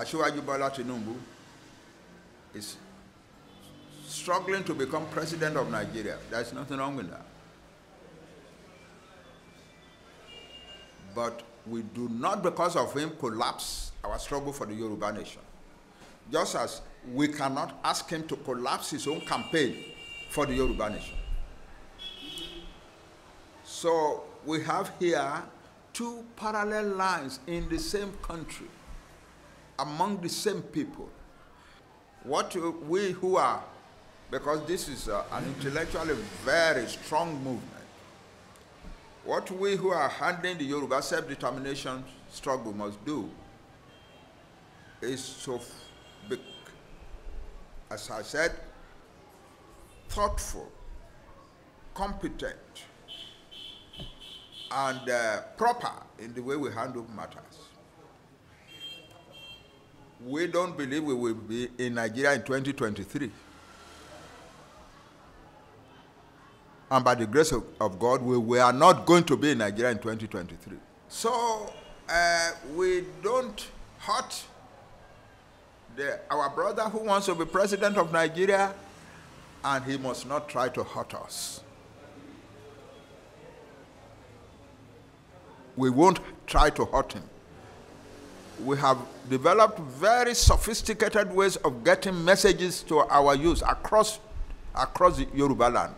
Ashwaju Bala Tinubu is struggling to become president of Nigeria. There's nothing wrong with that. But we do not, because of him, collapse our struggle for the Yoruba nation. Just as we cannot ask him to collapse his own campaign for the Yoruba nation. So we have here two parallel lines in the same country among the same people. What we who are, because this is a, uh, an intellectually very strong movement, what we who are handling the Yoruba self-determination struggle must do is to, be, as I said, thoughtful, competent, and uh, proper in the way we handle matters we don't believe we will be in Nigeria in 2023. And by the grace of, of God, we, we are not going to be in Nigeria in 2023. So uh, we don't hurt the, our brother who wants to be president of Nigeria, and he must not try to hurt us. We won't try to hurt him we have developed very sophisticated ways of getting messages to our youth across, across Yoruba land.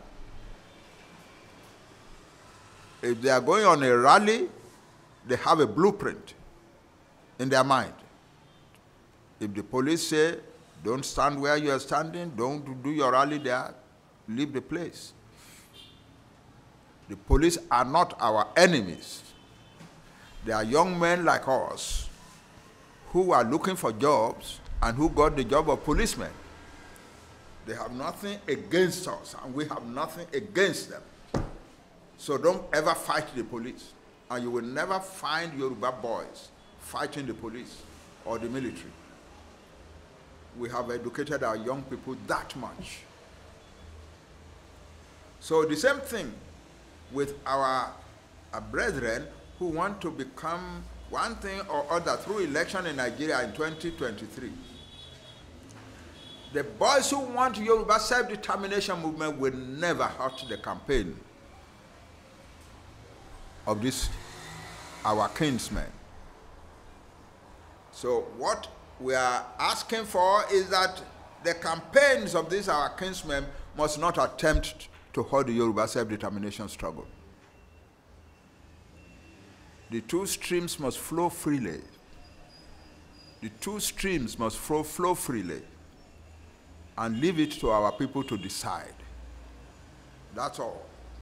If they are going on a rally, they have a blueprint in their mind. If the police say, don't stand where you are standing, don't do your rally there, leave the place. The police are not our enemies. They are young men like us who are looking for jobs and who got the job of policemen. They have nothing against us, and we have nothing against them. So don't ever fight the police. And you will never find Yoruba boys fighting the police or the military. We have educated our young people that much. So the same thing with our, our brethren who want to become one thing or other through election in Nigeria in 2023. The boys who want Yoruba self-determination movement will never hurt the campaign of this, our kinsmen. So what we are asking for is that the campaigns of these our kinsmen must not attempt to hold the Yoruba self-determination struggle. The two streams must flow freely. The two streams must flow, flow freely and leave it to our people to decide. That's all.